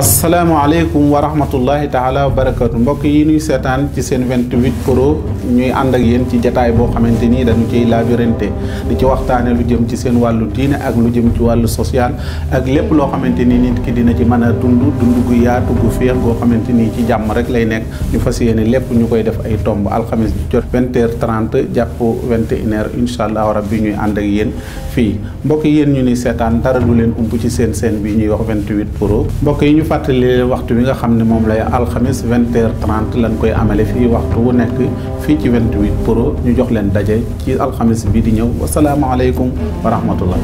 asalaamaaleykum wa rahmatullahi taala wa barakatu mbokk yi nuy seetaan ci seen 28 pro ñuy ànd ak yéen ci jataay boo xamante nii dañu ciy laabirante di ci waxtaane lu jëm ci seen wàllu diine ak lu jëm ci wàllu social ak lépp loo xamante ni nit ki dina ci mën a dund dund gu yaatu gu féex goo xamante nii ci jàmm rek lay nekk ñu fas yéene lépp ñu koy def ay tomb alxames ji jot 20 heures 30 jàpp 21 heures incha allah rabbi ñuy ànd ak yéen fii mbokk yéen ñu ni seetaan dara lu leen ump ci seen seen bi ñuy wax 28 pro mbokk ñu fàttali waxtu bi nga xam ne moom lay alxamis vingt heures trente lañ koy amale fii waxtu wu nekk fii ci 28 pro ñu jox leen daje ci alxamis bi di ñëw wasalaamaaleykum wa rahmatullah